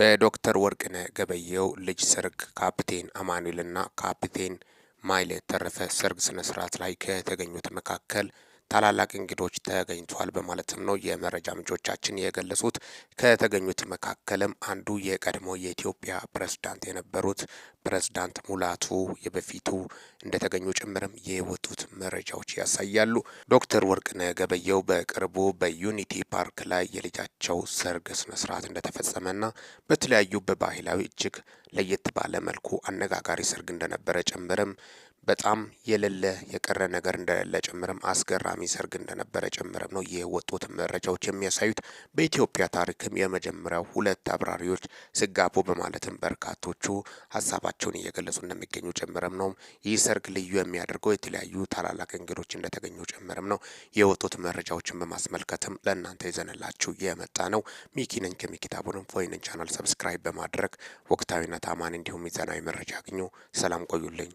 በዶክተር ወርቅነ ገበየው ልጅ ሰርግ ካፕቴን አማኑኤልና ካፕቴን ማይለ ተረፈ ሰርግ ስነ ስርዓት ላይ ከተገኙት መካከል ታላላቅ እንግዶች ተገኝተዋል በማለትም ነው የመረጃ ምንጮቻችን የገለጹት። ከተገኙት መካከልም አንዱ የቀድሞ የኢትዮጵያ ፕሬዝዳንት የነበሩት ፕሬዝዳንት ሙላቱ የበፊቱ እንደተገኙ ጭምርም የወጡት መረጃዎች ያሳያሉ። ዶክተር ወርቅነህ ገበየሁ በቅርቡ በዩኒቲ ፓርክ ላይ የልጃቸው ሰርግ ስነስርዓት እንደተፈጸመና በተለያዩ በባህላዊ እጅግ ለየት ባለ መልኩ አነጋጋሪ ሰርግ እንደነበረ ጭምርም በጣም የሌለ የቀረ ነገር እንደሌለ ጭምርም አስገራሚ ሰርግ እንደነበረ ጭምርም ነው የወጡትን መረጃዎች የሚያሳዩት። በኢትዮጵያ ታሪክም የመጀመሪያው ሁለት አብራሪዎች ስጋቡ በማለትም በርካቶቹ ሀሳባቸውን እየገለጹ እንደሚገኙ ጭምርም ነው። ይህ ሰርግ ልዩ የሚያደርገው የተለያዩ ታላላቅ እንግዶች እንደተገኙ ጭምርም ነው የወጡት መረጃዎችን በማስመልከትም ለእናንተ ይዘንላችሁ የመጣ ነው። ሚኪ ነኝ ከሚኪታቡንም ፎይንን ቻናል ሰብስክራይብ በማድረግ ወቅታዊና ታማኝ እንዲሁም ሚዛናዊ መረጃ አግኙ። ሰላም ቆዩልኝ።